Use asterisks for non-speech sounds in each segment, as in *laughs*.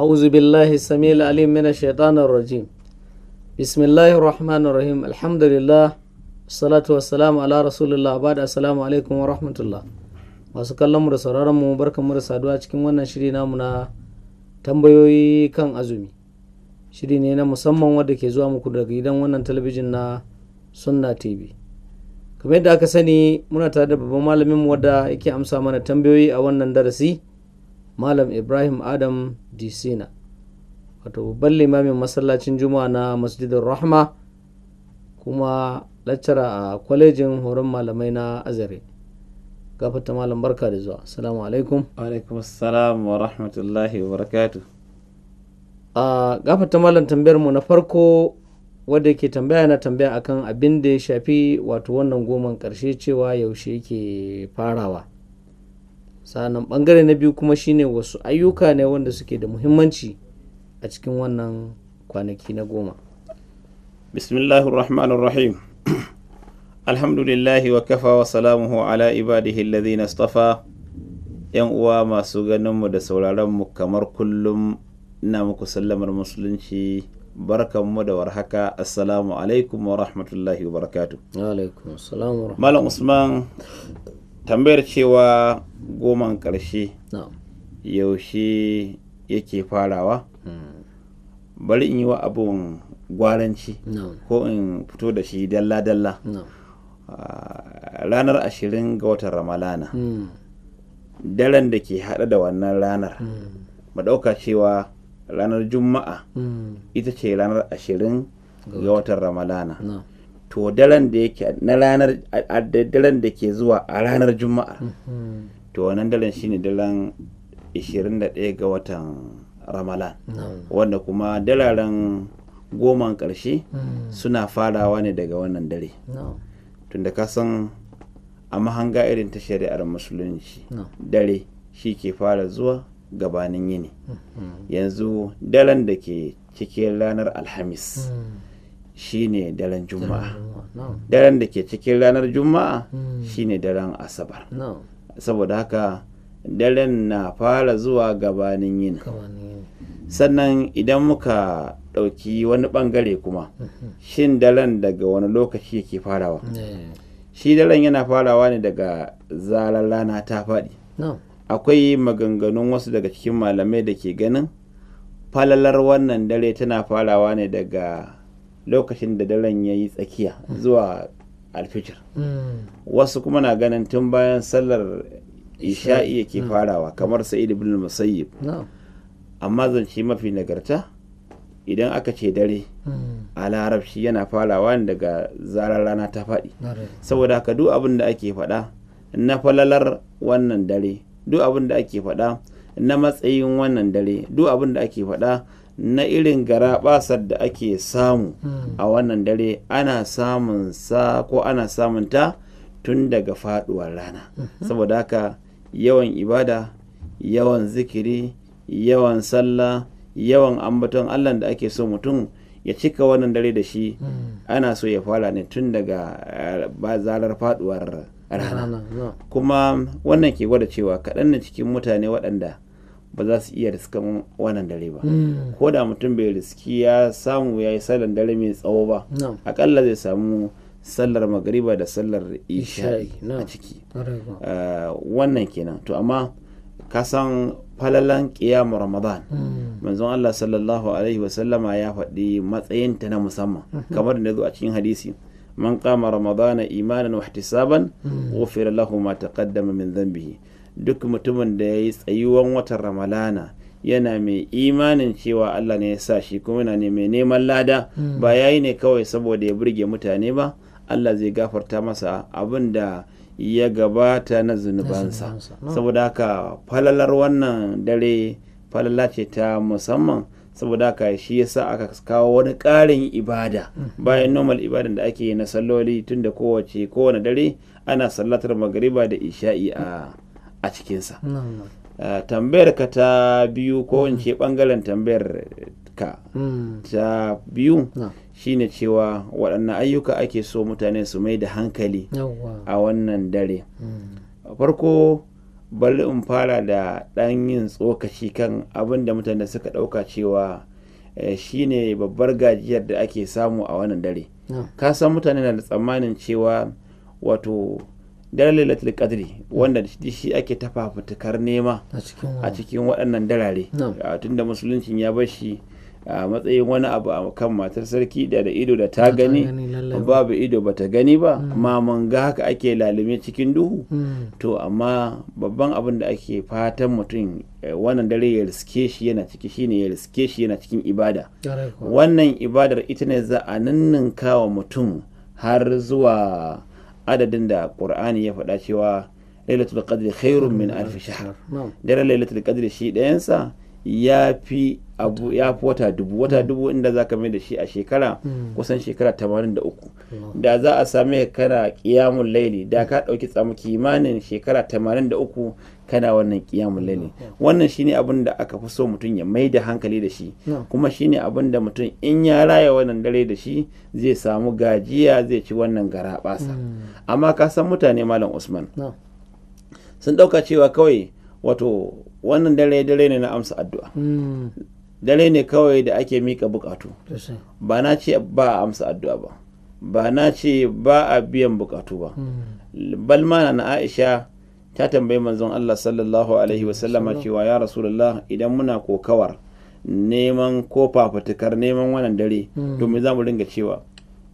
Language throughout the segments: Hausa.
أعوذ بالله السميع العليم من الشيطان الرجيم بسم الله الرحمن الرحيم الحمد لله الصلاة والسلام على رسول الله masu kallon mu da sauraron mu barka mu da saduwa cikin wannan shiri namu na tambayoyi kan azumi shiri ne na musamman wanda ke zuwa muku daga gidan wannan talabijin na sunna tv kamar yadda aka sani muna tare da babban malamin mu wanda yake amsa mana tambayoyi a wannan darasi malam ibrahim adam disina wato babban limamin masallacin juma'a na masjidin rahma kuma laccara a kwalejin horon malamai na azare gafata malam barka da zuwa salamu alaikum alaikum salam wa rahmatullahi wa barakatu a gafata malam tambayar mu na farko wadda ke tambaya na tambaya akan abin da ya shafi wato wannan goman karshe cewa yaushe ke farawa sannan bangare na biyu kuma shine wasu ayyuka ne wanda suke da muhimmanci a cikin wannan kwanaki na goma bismillahir rahmanir rahim *clears throat* alhamdulillahi wa kafa wa salamuhu ala ibadihi alladhina istafa yan uwa masu ganin mu da mu kamar kullum ina muku sallamar musulunci barkanmu da warhaka assalamu alaikum wa rahmatullahi wa barakatuh malam usman tambayar cewa goman ƙarshe yaushe yake farawa hmm. bari in yi wa abun gwaranci ko in fito da shi dalla-dalla ah, ranar ashirin ga watan ramalana hmm. daren da ke haɗa da wannan ranar ba hmm. ɗauka cewa ranar juma'a ita ce ranar ashirin ga watan ramalana to daren da yake na ranar daren da ke zuwa a ranar juma'a mm-hmm. to wannan daren shine daren 21 ga watan ramalan wanda kuma dalaren goma ƙarshe mm. suna farawa ne daga wannan dare tunda ka san a mahanga irin ta shari'ar musulunci dare shi ke fara zuwa gabanin yini mm-hmm. yanzu dalan da ke cikin ranar alhamis mm. shine daren juma'a daren da ke cikin ranar juma'a hmm. shine daren asabar saboda haka daren na fara zuwa gabanin yin sannan idan muka ɗauki wani ɓangare kuma mhm. shin daren daga wani lokaci yake farawa eh. shi daren yana farawa ne daga zarar rana ta faɗi akwai maganganun wasu daga cikin malamai da ke ganin falalar wannan dare tana farawa ne daga lokacin da daren ya yi tsakiya mm. zuwa alfijir mm. wasu kuma na ganin tun bayan sallar isha'i yake mm. farawa kamar sa'id ibn musayyib amma zance mafi nagarta idan aka ce dare a larabci yana farawa daga zarar rana ta faɗi saboda haka duk abin da ake faɗa na falalar wannan dare duk abin da ake faɗa na matsayin wannan dare duk abin da ake faɗa na irin garaɓasar da ake samu hmm. a wannan dare ana samun sa ko ana samun ta tun daga faduwar rana hmm. saboda haka yawan ibada yawan zikiri yawan sallah yawan ambaton allah da ake so mutum ya cika wannan dare da shi hmm. ana so ya fara ne tun daga bazarar faduwar rana kuma wannan ke gwada cewa kaɗan na cikin mutane waɗanda ba za su iya riskan wannan dare ba hmm. ko da mutum bai riski ya samu ya yi sallar dare mai tsawo ba akalla zai samu sallar magariba da sallar isha'i a ciki ah, wannan kenan to amma ka san falalan kiyamu ramadan hmm. manzon Allah sallallahu alaihi wasallama ya faɗi matsayinta na musamman mhm. kamar da zo a cikin hadisi man kama ramadana imanan wahtisaban ihtisaban hmm. ghufira lahu ma taqaddama min dhanbihi duk mutumin da ya yi tsayuwan watan ramalana yana mai imanin cewa Allah ne ya sa shi kuma yana ne mai neman lada hmm. ba ya yi ne kawai saboda ya burge mutane ba Allah zai gafarta masa abin da ya gabata na zunubansa saboda haka falalar wannan dare falala ce ta musamman saboda haka shi yasa aka kawo wani ƙarin ibada hmm. bayan normal ibadan da ake yi na salloli tun da kowace kowane dare ana sallatar magariba da isha'i a a cikinsa eh, tambayar ka ta biyu ko in mm. ce bangaren tambayar ka mm. ta biyu shine cewa waɗannan ayyuka ake so mutane su mai da hankali a wannan dare mm. farko bari in fara da ɗan yin tsokaci kan abin da mutane suka ɗauka cewa eh, shine babbar gajiyar da ake samu a wannan dare ka san mutane na da tsammanin cewa wato dare lailatul qadri wanda shi ake tafa fitukar nema a cikin waɗannan darare tunda musuluncin ya bar shi a matsayin wani abu a kan matar sarki da da ido da ta gani babu ido ba ta gani ba mm. amma mun ga haka ake lalume cikin duhu mm. to amma babban abin da ake fatan mutum eh, wannan dare ya riske shi yana ciki shine ya riske shi yana cikin ibada wannan ibadar ita ne za a ninninka wa mutum har zuwa adadin da qur'ani ya faɗa cewa lailatul qadri khairun min alf shahr dare lailatul qadri shi ɗayansa ya fi abu ya fi wata dubu wata hmm. dubu inda za ka mai da shi a shekara hmm. kusan shekara 83 da za a same kana kiyamun laili da ka ɗauki tsamu kimanin shekara 83 kana wannan kiyamun laili mm, mm. wannan shine abin da aka fi so mutum ya mai da hankali da shi mm. kuma shine abin da mutum in ya raya wannan dare da shi zai samu gajiya zai ci wannan gara basa amma ka san mutane malam usman sun dauka cewa kawai wato wannan dare dare ne na amsa addu'a dare ne kawai da ake mika bukatu ba na ce ba a amsa addu'a ba ba na ce ba a biyan bukatu ba balma na aisha ta tambayi manzon Allah sallallahu alaihi wasallama cewa ya rasulullah idan muna kokawar neman ko fafatukar neman wannan dare domin hmm. me za mu ringa cewa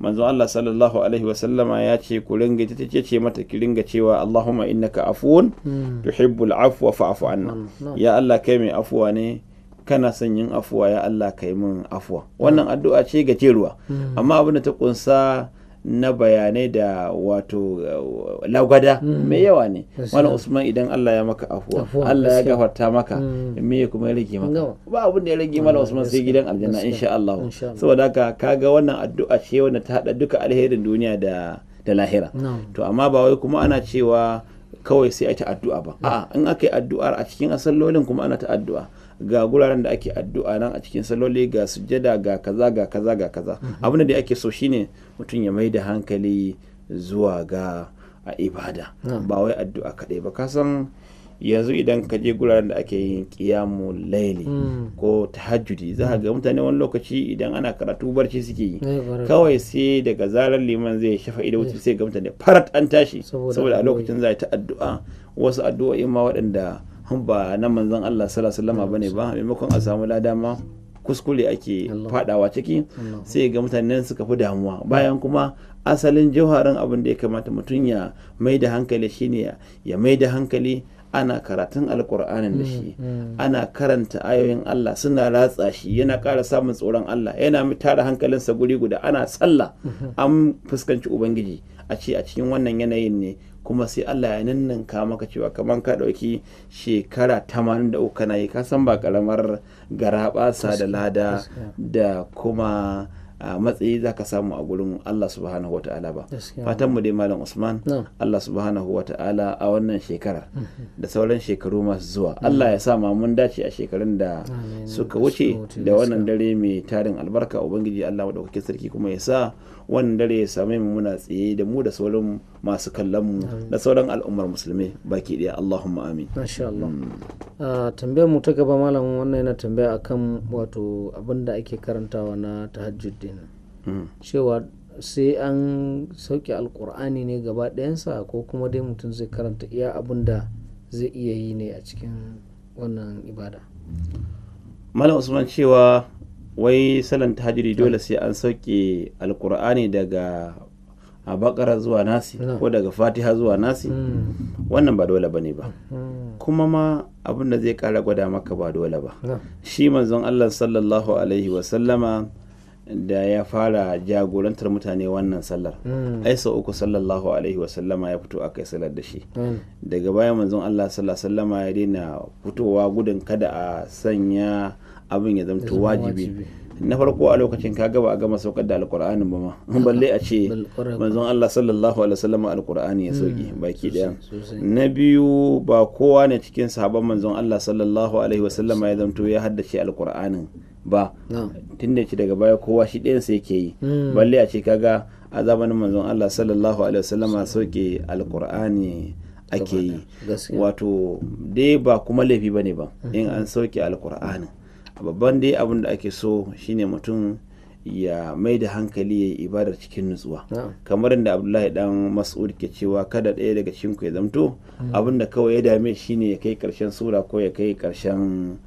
manzon Allah sallallahu alaihi wasallama ya ce ku ringa ta ce mata ki ringa cewa Allahumma ka afuwun hmm. tuhibbul afwa fa'fu anna hmm. ya Allah kai mai afuwa ne kana son yin afuwa ya Allah kai mun afuwa wannan addu'a ce ga gajeruwa amma abin da ta kunsa na bayanai da wato uh, lagwada mm. mai yawa ne wani usman idan allah ya maka afuwa allah ya gafarta maka mm. me kuma ya rage maka ba abin da ya rage mana usman sai gidan aljanna insha allah saboda haka kaga wannan addu'a ce wanda ta hada duka alherin duniya da da lahira to amma ba wai kuma ana cewa kawai sai a ta addu'a ba a'a in aka yi addu'ar a cikin asallolin kuma ana ta addu'a ga guraren da ake addu'a nan a cikin saloli ga sujjada ga kaza ga kaza ga kaza mhm. abin da ake so shine mutum ya mai da hankali zuwa ga a ibada ah. ba wai addu'a kaɗai ba ka san yanzu idan ka je guraren da ake yin kiyamu laili mm. ko tahajjudi za ka ga mm. mutane wani lokaci idan ana karatu barci suke yi eh, kawai sai daga zarar liman zai shafa ido wuce eh. sai ga mutane farat an tashi saboda a lokacin za ta addu'a wasu addu'o'in ma waɗanda ba na manzon Allah sallallahu alaihi wasallam bane ba maimakon a samu lada ma kuskure ake fadawa ciki sai ga mutanen suka fi damuwa bayan kuma asalin jauharin abin da ya kamata mutum ya mai da hankali shine ya mai da hankali ana karatun alkur'anin da mm, shi mm. ana karanta ayoyin Allah suna ratsa shi yana kara samun tsoron Allah yana tara hankalinsa guri guda ana tsalla mm-hmm. an fuskanci ubangiji a ce a cikin wannan yanayin ne kuma sai Allah ya ninninka maka cewa kamar ka ɗauki shekara tamanin da uku kana yi kasan ba karamar garaɓasa da lada da kuma matsayi za ka samu a gurin Allah subhanahu wata'ala ba fatan mu dai malam Usman Allah subhanahu wata'ala a wannan shekarar mhm. da sauran shekaru masu zuwa Allah ya sa mun dace a shekarun da suka wuce da wannan dare mai tarin albarka ubangiji Allah madaukakin sarki kuma ya sa wannan dare ya same mu muna tsaye da mu da sauran masu kallon mu da sauran al'ummar musulmi baki daya Allahumma amin masha Allah mm. a tambayar mu ta gaba malam wannan yana tambaya akan wato abinda ake karantawa na tahajjud din mm. cewa sai an sauke alkur'ani ne gaba ɗayansa ko kuma dai mutum zai karanta iya abin da zai iya yi ne a cikin wannan ibada malam usman cewa wai salan tahajjudi dole sai an sauke alkur'ani daga a bakara zuwa nasi ko daga fatiha zuwa nasi hmm. wannan ba dole bane ba hmm. kuma ma abin da zai kara gwada maka ba dole ba shi manzon Allah sallallahu alaihi wa da ya fara jagorantar mutane wannan sallar hmm. ai sau uku sallallahu alaihi wa ya fito aka yi sallar da shi daga baya manzon Allah sallallahu alaihi wasallama ya daina fitowa gudun kada a sanya abin ya zamto wajibi na farko a lokacin ka gaba a gama saukar da alkur'anin ba ma balle a ce manzon Allah sallallahu alaihi wasallam alkur'ani ya sauki hmm, baki daya na biyu ba kowa ne cikin sahabban manzon Allah sallallahu alaihi wasallam ya zamto ya haddace alkur'anin ba tunda ci daga baya kowa shi ɗayan sai yake yi hmm. balle a ce kaga a zamanin manzon Allah sallallahu alaihi wasallam sauke alkur'ani ake yi wato dai ba kuma laifi bane ba hmm. in an sauke alkur'anin babban dai abin da ake so shine mutum ya mai da hankali ya ibadar cikin nutsuwa kamar inda abdullahi dan mas'ud ke cewa kada ɗaya daga cikin ya zamto mm. abin da kawai ya dame shine ya kai karshen sura ko ya kai karshen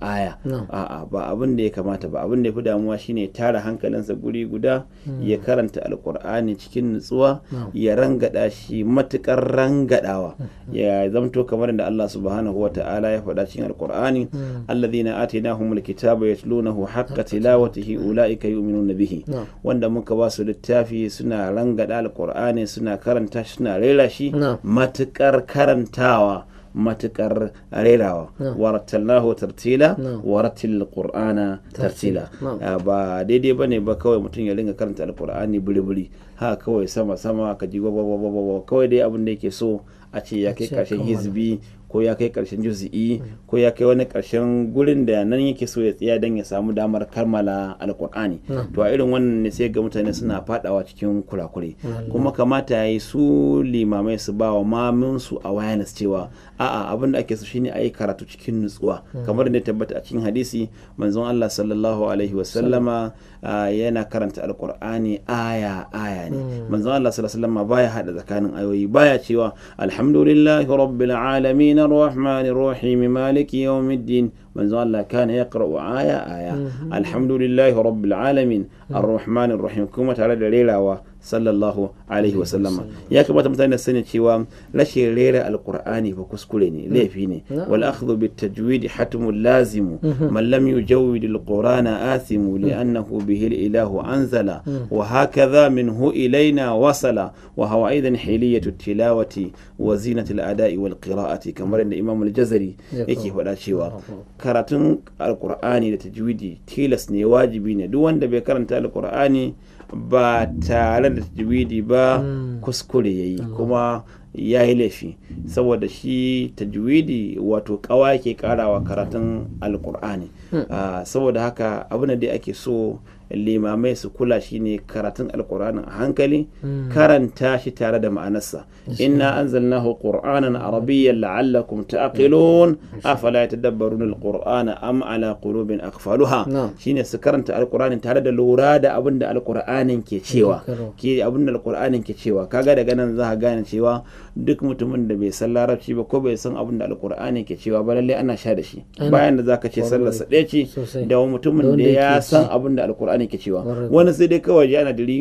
aya a'a ba abin da ya kamata ba abin da ya fi damuwa shine tara hankalinsa guri guda hmm. ya karanta alkur'ani cikin nutsuwa ya rangada shi matukar rangadawa hmm. ya zamto kamar da Allah subhanahu wa ta'ala ya faɗa cikin alkur'ani hmm. alladhina atainahumul kitaba yatlunahu haqqa tilawatihi ulaika yu'minuna bihi wanda muka ba su littafi suna rangada alkur'ani suna karanta shi suna rera shi matukar karantawa matukar rerawa warattalnahu tartila warattil ƙur'ana tartila ah, ba daidai ba ne ba kawai mutum ya linga karanta Alƙur'ani buri-buri ha kawai sama sama ka ji kawai dai abin da yake so a ce ya kai kashe hizbi ko ya kai karshen juzi'i ko ya kai wani karshen gurin da nan yake so ya tsaya don ya samu damar kammala alkur'ani to a irin wannan ne sai ga mutane suna fadawa cikin kurakure kuma kamata ya yi su limamai su ba wa su a wayanas cewa a'a abin da ake so shine a yi karatu cikin nutsuwa kamar da tabbata a cikin hadisi manzon Allah sallallahu alaihi wa sallama Ah, yana karanta alkur'ani aya aya ne hmm. manzon Allah sallallahu alaihi baya hada tsakanin ayoyi baya cewa alhamdulillahi rabbil alamin arrahmanir rahim maliki yawmiddin manzon Allah kana yaqra'u aya aya hmm. alhamdulillahi rabbil alamin hmm. arrahmanir rahim kuma tare da rerawa sallallahu alaihi wasallam ya kamata mutane su sani cewa rashin rera alkur'ani ba kuskure ne laifi ne wal akhdhu bit tajwid hatmun lazim man lam yujawwid alqur'ana athimu li'annahu bihi ilahu anzala wa hakadha minhu ilaina wasala wa huwa aidan hiliyatu tilawati wa zinatul ada'i wal qira'ati kamar da imam al-jazari yake faɗa cewa karatun alkur'ani da tajwidi tilas ne wajibi ne duk wanda bai karanta alkur'ani ba tare da tajwidi ba mm. kuskure ya yi kuma ya yi laifi saboda shi tajwidi wato kawa ke karawa karatun alkur'ani hmm. ah, saboda haka abin da ake so limamai su kula shine karatun alkur'anin a hankali hmm. karanta shi tare da ma'anarsa inna anzalnahu qur'anan arabiyyan la'allakum ta'qilun afala yatadabbaruna alqur'ana am ala qulubin akfaluha shine su karanta alkur'anin tare da lura da abin da alkur'anin ke cewa ke abin da alkur'anin ke cewa kaga daga nan za ka gane cewa duk mutumin da bai san larabci ba ko bai san abin da ke cewa ba lallai ana sha da shi bayan da zaka ce sallar ɗaya ce da mutumin da ya san abin da alkur'ani qur'ani cewa wani sai dai kawai ji ana diri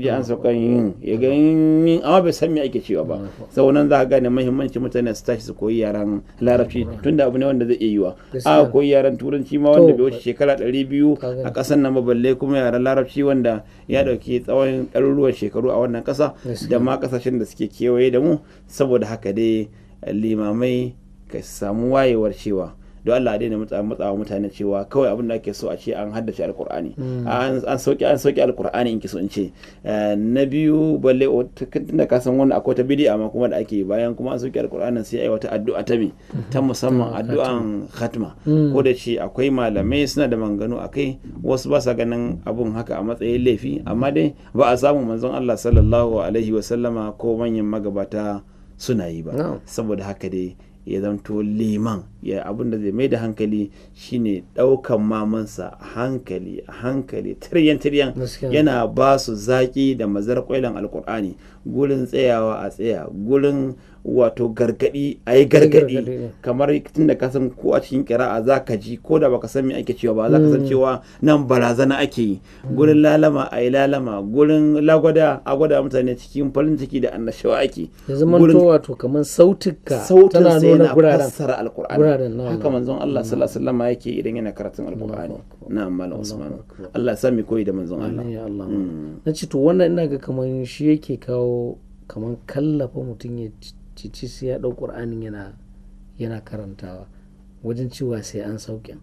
ji an saukan yin ya ga yin amma bai san me ake cewa ba sau nan za ka gane muhimmanci mutane su tashi su koyi yaran larabci da abu ne wanda zai iya yiwa a koyi yaran turanci ma wanda bai wuce shekara ɗari biyu a ƙasar nan ba balle kuma yaran larabci wanda ya ɗauki tsawon ɗaruruwan shekaru a wannan ƙasa da ma ƙasashen da suke kewaye da mu saboda haka dai limamai ka samu wayewar cewa don Allah daina matsawa mutane cewa kawai abin da ake so a ce an haddace alkur'ani mm. an sauki an sauki alkur'ani in ki so in ce eh, na biyu balle tunda ka san wannan akwai ta bidi'a ma kuma da ake bayan kuma an sauki alkur'anin sai ai wata addu'a ta me ta mm-hmm. musamman addu'an khatma mm. ko da ce akwai malamai suna da manganu akai wasu ba sa ganin abun haka a matsayin laifi amma dai ba a samu manzon Allah sallallahu alaihi wa sallama ko manyan magabata suna yi ba saboda haka dai ya zanto liman ya abin da zai mai da hankali shine ɗaukan mamansa a hankali hankali tiryan tiryan yana ba su zaki da mazar kwailan alkur'ani gurin tsayawa a tsaya gurin wato gargadi a yi gargadi eh. kamar tun da ka san ko a cikin kira'a za ka ji ko da baka san me ake cewa ba za ka san mm. cewa nan barazana ake yi gurin mm. lalama a yi lalama gurin lagwada a gwada mutane cikin farin ciki da annashawa ake ya zama to wato kamar sautuka tana nuna guraren fassara alkur'ani haka manzon Allah sallallahu alaihi wasallam yake idan yana karatun alkur'ani na malam Usman Allah ya sami koyi da manzon Allah mm. na ce to wannan ina ga kamar shi yake kawo kamar kallafa mutum ya cici sai ya ɗau ƙur'anin yana yana karantawa wajen cewa sai an sauƙin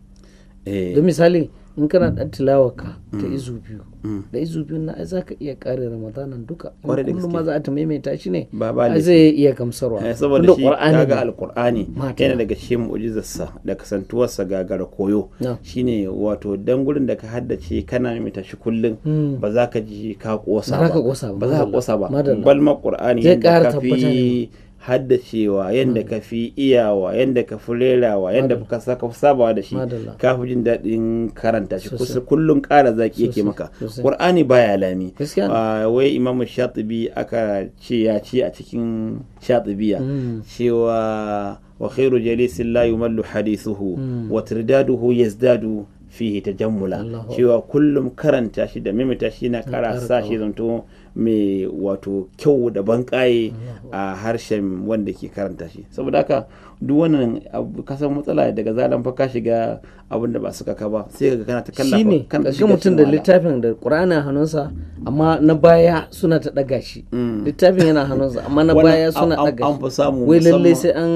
eh. don misali in kana mm. ɗan tilawa ka ta mm. izu biyu mm. da izu biyu na za ka iya ƙare ramadanan duka kullum ma za a ta maimaita shi ne A zai iya gamsarwa eh, saboda shi ga Alƙur'ani. yana daga shi mu'jizarsa da kasantuwarsa gagara koyo shine wato dan gurin da ka haddace kana maimaita shi kullum hmm. ba za ka ji ka kosa ba ba za ka kosa ba bal ma qur'ani yadda ka fi haddacewa yadda mm. ka fi iyawa yadda ka fi rerawa yadda ka saka sabawa da shi ka fi jin daɗin karanta shi kusa kullum ƙara zaki yake maka ƙur'ani baya lami ah, wai imamu shatibi aka ce ya ce a cikin shatibiya mm. cewa wa khairu jalisin la yumallu hadithuhu mm. wa tirdaduhu yazdadu fihi tajammula cewa kullum karanta shi da mimita shi na ƙara sa shi zanto mai wato kyau da bankaye a harshen wanda ke karanta shi saboda haka duk wannan kasan matsala daga zalan fa ka shiga abin da ba su kaka ba sai ka kana ta kalla shine kaga mutum da littafin da qur'ani hannunsa amma na baya suna ta daga shi mm. littafin yana hannunsa amma na baya suna daga shi an fa samu wai lalle sai an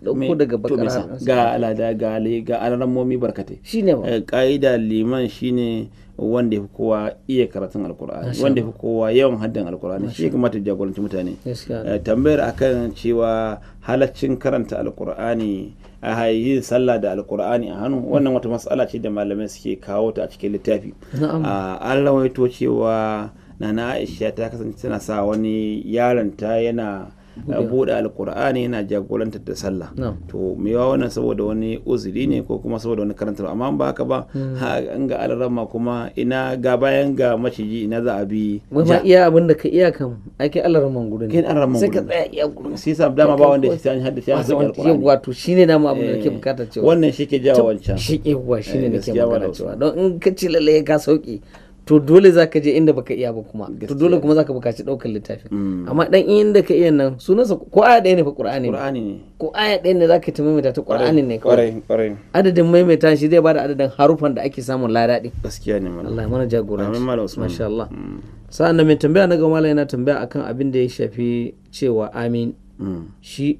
dauko daga bakara ga alada ga ga alamomi Shi shine ba kaida eh, liman shine wanda ya fi kowa iya karatun alkur'ani wanda fi kowa yawan haddan alkur'ani shi kuma ta jagoranci mutane eh, tambayar akan cewa halaccin karanta alkur'ani a yin sallah da alkur'ani a hannu wannan wata matsala ce da malamai suke kawo ta a cikin littafi ah, an rawaito cewa nana aisha ta kasance tana sa wani yaron ta yana buɗe alkur'ani yana jagorantar da sallah to mewa wannan saboda wani uzuri ne ko kuma saboda wani karantar amma ba haka ba hmm. an ga alarama kuma ina ga bayan ga maciji ina za a bi wai ma iya abin da ka iya kan ake alaraman gurin kin alaraman gurin sai ka tsaya iya gurin sai sa dama ba wanda shi ta haddace ya alkur'ani wato shine dama abin da kake bukata cewa wannan shi ke jawo wancan shi ke wa shine eh, ke bukata cewa don in ka ce lalle ka sauki to dole za ka je inda baka iya ba kuma to dole kuma za ka bukaci ɗaukar littafi mm. amma dan inda ka iya nan sunansa ko aya ɗaya ne fa ƙur'ani ne ko aya ɗaya ne za ka ta maimaita ta ƙur'ani ne kawai adadin maimaita shi zai bada adadin harufan da ake samun lada gaskiya ne mana Allah mana usman masha Allah mm. sa'an nan mai tambaya na ga malam yana tambaya akan abin da ya shafi cewa amin mm. shi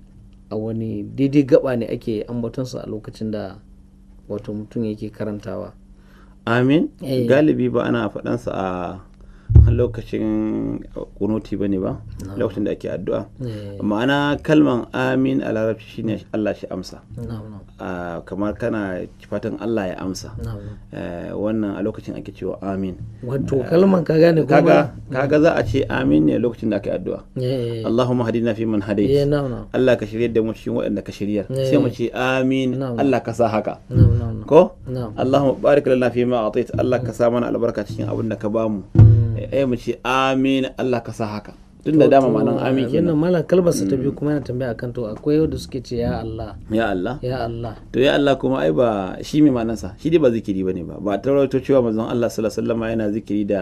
a wani daidai gaba ne ake ambatonsa a lokacin da wato mutum yake karantawa amin eh. galibi ba ana faɗansa a lokacin uh, kunuti ne ba lokacin da ake addu'a eh. ma'ana kalman amin a larabci shine Allah shi amsa ah, kamar kana fatan Allah ya amsa eh, wannan a lokacin ake cewa amin wato eh, kalman ka gane kaga kaga za a ce amin ne lokacin da ake addu'a Allahumma hadina fi man hadait Allah ka shirye da mu shi waɗanda ka shirya sai mu ce amin Allah ka sa haka ko Allahumma barik lana fi ma atait Allah ka sa mana albarka cikin abin da ka bamu hmm. ai mm. eh, eh, mu ce amin Allah ka sa haka tun da dama ma'anan amin ke nan malam kalbarsa sa ta biyu mm. kuma yana tambaya akan to akwai da suke ce ya Allah ya Allah ya Allah to ya Allah kuma ai ba shi mai ma'anan sa shi dai ba zikiri bane ba ba taurato cewa manzon Allah sallallahu alaihi wasallam yana zikiri da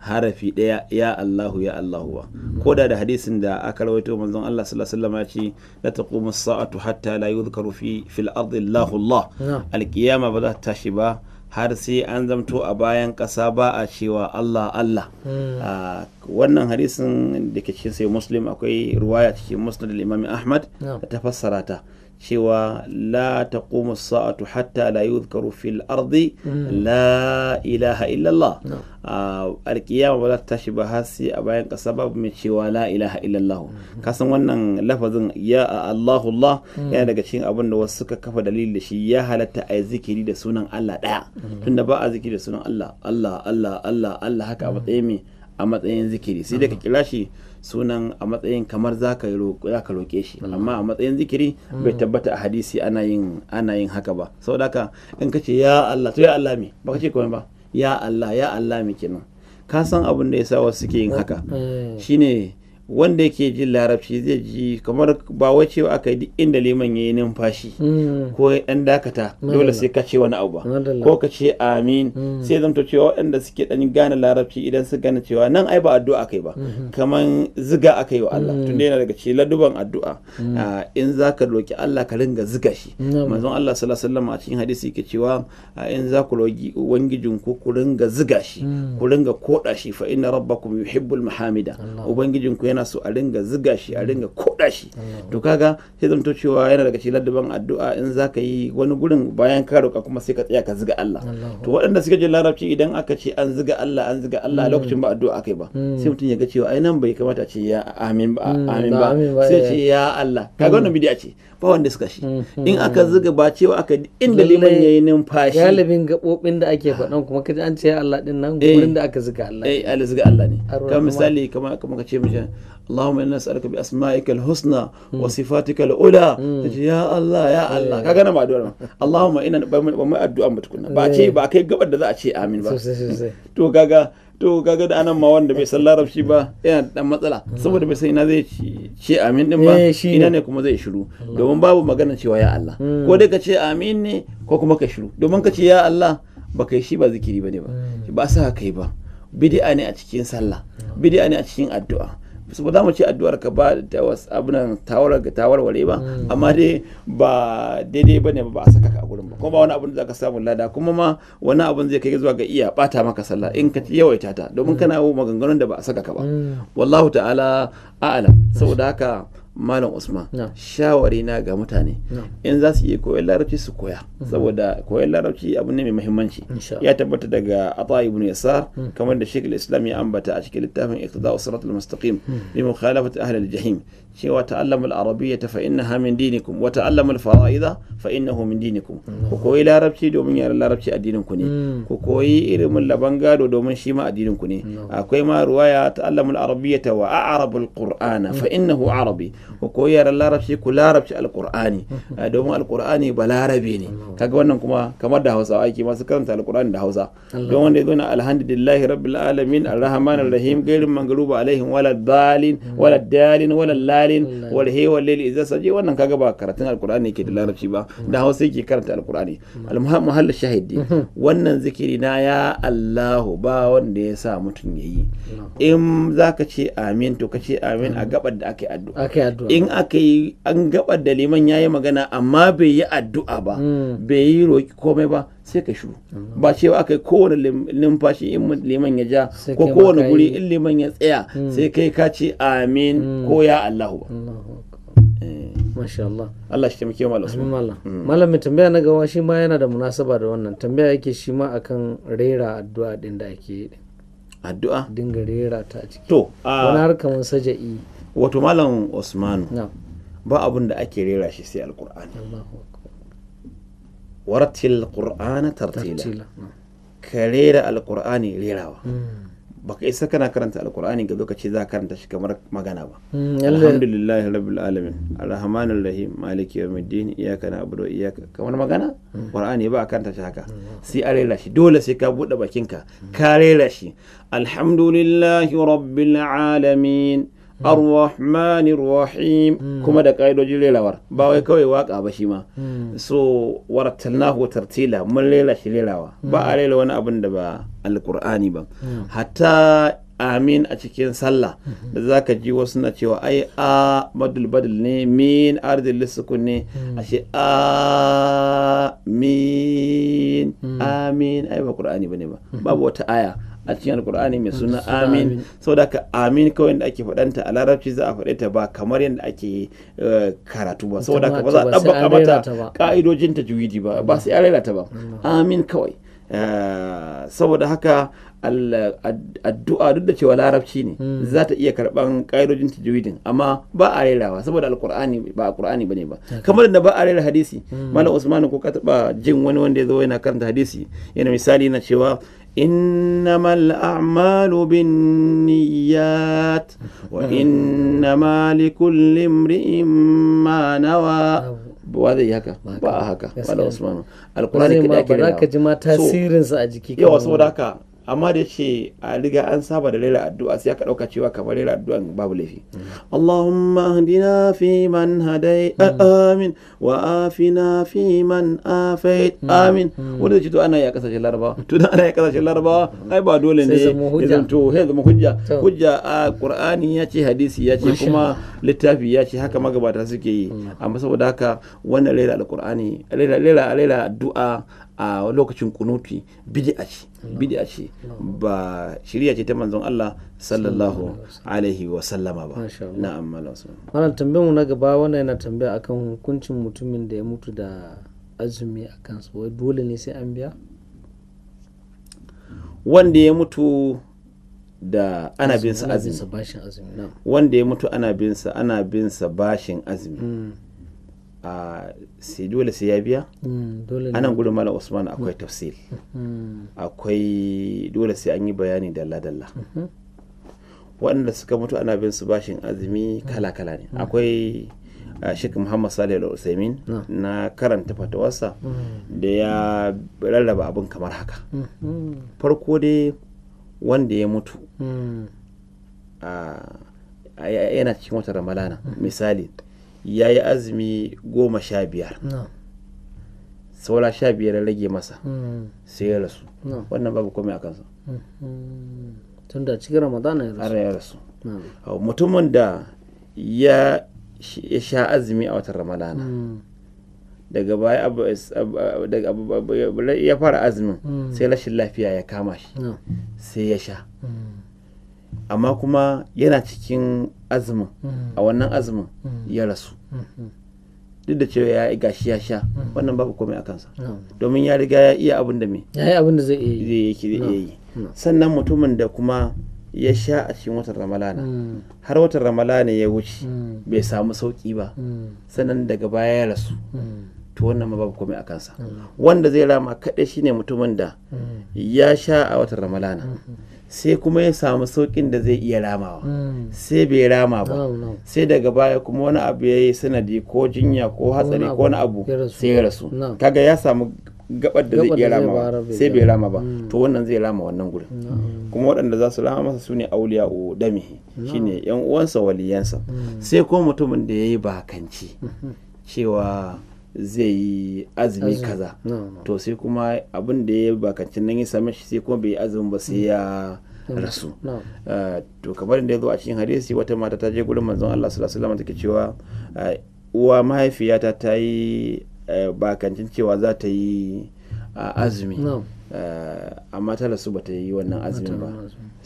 harafi ɗaya ya Allahu ya Allahu ba ko da da hadisin da aka rawaito manzon Allah sallallahu alaihi wasallam ya ce la taqumu as-sa'atu hatta la yudhkaru fi fil ardi Allahu Allah al ba za ta tashi ba har sai an zamto a bayan ƙasa ba a cewa Allah Allah hmm. ah, wannan hadisin da ke cikin sai muslim akwai ruwaya cikin musnad da imam Ahmad da ta fassara ta cewa la taqumu sa'atu hatta la yuzkaru fil ardi mm. la ilaha illallah alkiyama ba za ta tashi ba har sai a bayan kasa babu mai cewa la ilaha illallah mm. kasan wannan lafazin ya a allahullah mm. yana daga cikin abin da wasu suka kafa dalili da shi ya halatta a zikiri da sunan Allah ɗaya tunda ba a zikiri da sunan Allah Allah Allah Allah Allah haka a matsayin a matsayin zikiri sai da ka kira shi sunan a matsayin kamar za ka roƙe shi mm. amma a matsayin zikiri bai mm. tabbata a hadisi ana yin haka ba sau haka in ka ce ya Allah to ya Allah me ba ka ce komai ba ya Allah ya Allah me kenan ka san abin da ya sa wasu suke yin haka mm. shine wanda yake jin larabci zai ji kamar ba wai cewa aka yi inda liman ya yi numfashi hmm. ko ya dakata dole sai ka ce wani abu ba ko ka ce amin hmm. sai zamto cewa waɗanda suke dan gane larabci idan su gane cewa nan ai ba addu'a kai ba hmm. kamar ziga aka yi wa Allah tunda yana daga cikin laduban addu'a ah, in za ka roki Allah ka ringa ziga shi manzon Allah sallallahu alaihi wasallam a cikin hadisi yake cewa ah, in za ku roki ubangijin ku ku ringa ziga shi ku ringa koda shi fa inna rabbakum yuhibbul mahamida ubangijin ku yana ana so a ringa ziga shi a ringa koda shi to kaga sai to cewa yana daga cikin laddaban addu'a in za ka yi wani gurin bayan ka roka kuma sai ka tsaya ka ziga Allah to waɗanda suka je larabci idan aka ce an ziga Allah an ziga Allah mm. lokacin ba addu'a akai ba mm. sai mutum ya ga cewa ai nan bai kamata ce ya amin ba mm. amin ba sai eh. ce ya Allah kaga wannan bid'a ce ba wanda suka shi hmm, hmm, in aka hmm. zuga ba cewa aka inda liman yayi numfashi galibin gabobin da ake faɗan kuma kaji an ce Allah din nan gurin eh. da aka zuga Allah eh Allah zuga Allah ne kamar misali kamar kamar kace mishi Allahumma inna nas'aluka bi asma'ika al-husna wa sifatika al-ula ya Allah ya eh. Allah kaga na maduwar Allahumma inna ba mai addu'a mutukunna ba ce ba kai gabar da za a ce amin ba *laughs* to gaga to kaga da anan ma wanda bai san larabci ba yana da matsala mm. saboda bai san ina zai ce amin din ba eh, ina ne kuma zai shiru mm. domin babu magana cewa ya Allah mm. ko dai ka ce amin ne ko kuma ka shiru domin ka ce ya Allah ba kai shi ba zikiri bane ba ba sa kai ba bid'a ne a cikin sallah bid'a ne a cikin addu'a ba za mu ce addu'ar ka ba da wasu abunan tawar ga ba hmm. amma dai ba daidai ba ne ba a saka ka a gurin ba kuma ba wani abun da ka samu lada kuma ma wani abun zai kai zuwa ga iya bata maka sallah in ka yawaita ta domin hmm. kana maganganun da ba a saka ka ba hmm. wallahu ta'ala a'lam saboda haka malam usman shawari na ga mutane in za su iya koyon larabci su koya mm-hmm. saboda koyon larabci abu ne mai muhimmanci ya tabbata daga ata ibn yasar mm. kamar da shekul islam ya ambata a cikin littafin iqtida usratul mustaqim mm. bi mukhalafati ahli al-jahim cewa ta'allamul arabiyyata fa innaha min dinikum wa ta'allamul fara'ida fa innahu min dinikum ku koyi larabci domin yaran larabci addinin ku ne hmm. ku koyi ilimin laban gado domin shi ma addinin ku ne akwai ma ruwaya ta'allamul arabiyyata wa a'rabul qur'ana fa innahu arabi ku koyi yaran larabci ku larabci alqur'ani hmm. ah, domin alqur'ani ba larabe ne kaga wannan kuma kamar da Hausa ake masu karanta alqur'ani da Hausa don wanda ya na alhamdulillahi rabbil alamin arrahmanir rahim gairin mangaluba alaihim wala dalin hmm. wala dalin wala narin wal haywa layli idza saji wannan kaga ba karatun alqur'ani yake da larabci ba da hausa yake karanta alqur'ani almuhim mahallin shahidi mhm. wannan zikiri na ya Allahu ba wanda ya sa mutum yayi in zaka ce amin to kace amin a mhm. gabar da aka yi addu'a in akai yi an gabar da liman yayi magana amma bai yi addu'a ba mm. bai yi roki komai ba sai ka shiru ba cewa aka yi kowane limfashi in liman ya ja ko kowane guri in liman ya tsaya hmm. sai kai ka ce amin hmm. ko ya Allahu eh. masha Allah Allah shi taimake mu Allah malam hmm. tambaya na gawa shi ma yana da munasaba da wannan tambaya yake shi ma akan rera addu'a din da ake yi addu'a dinga rera ta a ciki to wani harka mun saja'i wato malam Usmanu ba abun da ake rera shi sai alqur'ani Allahu warattil qur'ana tartila ka rera alqur'ani rerawa baka isa kana karanta alqur'ani ga lokaci za karanta shi kamar magana ba alhamdulillahi rabbil alamin arrahmanir rahim maliki yawmiddin iyyaka na'budu wa iyyaka kamar magana qur'ani ba karanta shi haka sai a rera shi dole sai ka bude bakinka ka rera shi alhamdulillahi rabbil alamin Hmm. ar rahim hmm. kuma da ƙa'idojin lelawar ba wai kawai waka ba shi ma hmm. so warattalnahu tartila mun lela shi lelawa ba a lela wani abin da ba alqur'ani ba hatta amin a cikin sallah da zaka ji wasu na cewa ai a madul badul ne min ardil lisukun ne a min amin ai ba qur'ani bane ba babu wata aya a cikin alkur'ani mai suna amin saboda haka amin kawai da ake faɗanta a larabci za a faɗe ta ba kamar yadda ake eh, karatu ba saboda haka ba za a ɗabbaka mata ƙa'idojin ta juwidi ba ba sai a ta ba amin kawai eh, saboda haka addu'a duk da cewa larabci ne hmm. za ta iya karɓan ƙa'idojin juwidin amma ba a ba saboda alkur'ani ba alkur'ani ne ba kamar da ba a raira hadisi hmm. malam usman ko ka taɓa jin wani wanda ya zo yana karanta hadisi yana misali na cewa إنما الأعمال بالنيات وإنما لكل امرئ ما nawa. ba zai yi haka ba a haka ba da usmanu alkurani kaɗai ake da yawa saboda haka amma da ce a riga an saba da rera addu'a sai aka dauka cewa kamar rera addu'an babu laifi Allahumma na fi man hadai hmm. amin wa afina fi man afait hmm. amin hmm. wanda ce to ana yi a kasashen larabawa *laughs* to dan ana yi a kasashen larabawa *laughs* ai ba dole ne ya zanto ya zama hujja hujja a qur'ani ya ce hadisi ya ce kuma littafi ya ce haka magabata suke yi amma saboda haka wannan rera alqur'ani rera rera addu'a a lokacin kunuti bid'a ce bid'a ce ba shirya ce ta manzon Allah sallallahu alaihi wa sallama ba na'am malam wannan tambayar mu na gaba wanda yana tambaya akan hukuncin mutumin da ya mutu da azumi a kansa wai dole ne sai an biya wanda ya mutu da ana bin sa azumi wanda ya mutu ana bin sa ana bin sa bashin azumi hmm. a ah, sai dole sai ya biya mm, anan gudun malam usman akwai tafsil mm-hmm. akwai dole sai an yi bayani dalla-dalla mm-hmm. waɗanda suka mutu ana bin su bashin azumi kala-kala ne mm-hmm. akwai ah, Sheikh Muhammad Salih al usaimin na karanta fatawarsa da ya rarraba abin kamar haka. Farko dai wanda ya mutu mm. ah, yana cikin wata ramalana misali ya yi azumi goma sha biyar saura sha biyar ya rage masa mm. sai ya rasu wannan babu komai a kansa mm-hmm. tun da cikin ramadana ya rasu ya rasu mutumin da ya sha azumi a watan ramadana mm. daga baya ya fara azumin mm. sai rashin lafiya ya kama shi sai ya sha amma kuma yana cikin azumin mm. a wannan azumin mm. ya rasu mm-hmm. duk da cewa ya gashi ya sha mm. wannan babu komai a kansa domin ya riga ya iya abin da me ya yi abin da zai iya yi sannan mutumin da kuma ya sha a cikin watan ramalana har watan ramalana ya wuce bai samu sauki ba sannan daga baya ya rasu to wannan ma babu komai a kansa wanda zai rama kaɗai shine mutumin da ya sha a watan ramalana mm-hmm. sai kuma ya samu saukin da zai iya ramawa mm. sai bai rama ba sai daga baya kuma wani abu ya yi sanadi ko jinya ko hatsari ko wani abu sai ya rasu kaga ya samu gabar da zai iya rama sai bai rama ba mm. to wannan zai rama wannan gurin kuma waɗanda za su rama masa su ne auliya o damihi shine yan uwansa waliyansa mm. sai ko mutumin da ya yi bakanci mm-hmm. cewa zai yi azumi kaza to sai kuma abin da ya bakancin nan ya same shi sai kuma bai azumi ba sai ya mm. rasu ah, to kamar da ya zo a cikin hadisi wata mata ta je gurin manzon Allah sallallahu alaihi wasallam take cewa ah, uwa mahaifiyata ta yi eh, bakancin cewa za ta yi ah, azumi amma ta rasu ba ta yi wannan azumin ba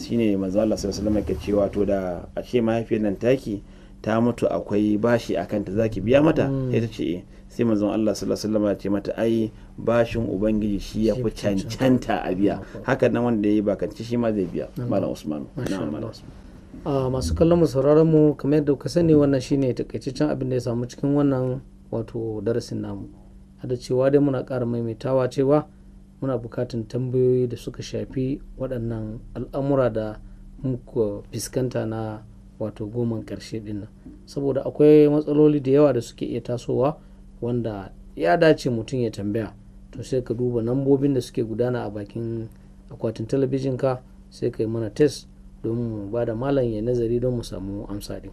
shine manzon Allah sallallahu alaihi wasallam ke cewa to da a ce mahaifiyar nan taki ta mutu akwai bashi a kanta zaki biya mata mm. sai ta ce eh. sai manzon Allah sallallahu alaihi wasallam ce mata ai bashin ubangiji shi ya fi cancanta a biya haka nan wanda ya yi bakanci shi ma zai biya malam Usman na ah, masu kallon mu sauraron mu kamar yadda kuka sani wannan shine takaitaccen abin da ya samu cikin wannan wato darasin namu da cewa dai muna ƙara maimaitawa cewa muna bukatan tambayoyi da suka shafi waɗannan al'amura da muka fuskanta na wato goman karshe ɗin nan saboda akwai matsaloli da yawa da suke iya tasowa wanda ya dace mutum ya tambaya to sai ka duba nambobin da suke gudana a bakin akwatin talabijin ka sai ka yi mana test don mu ba da malam ya nazari don mu samu amsa din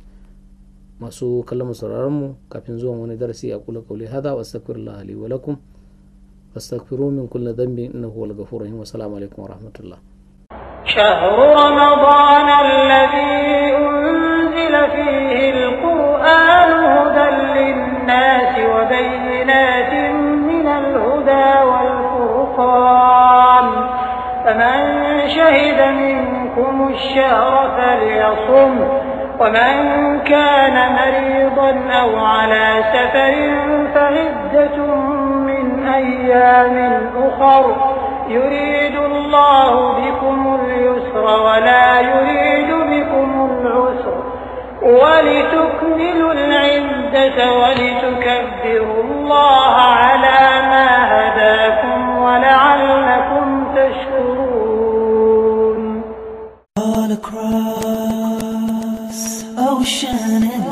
masu kallon sauraron mu kafin zuwan wani darasi a kula kauli hada wa astaghfirullah li wa lakum fastaghfiru min kulli dhanbin innahu huwal ghafurur rahim wa assalamu alaikum wa rahmatullah shahru ramadana للناس وبينات من الهدى والفرقان فمن شهد منكم الشهر فليصم ومن كان مريضا أو على سفر فعدة من أيام أخر يريد الله بكم اليسر ولا يريد بكم ولتكملوا العدة ولتكبروا الله على ما هداكم ولعلكم تشكرون All across ocean and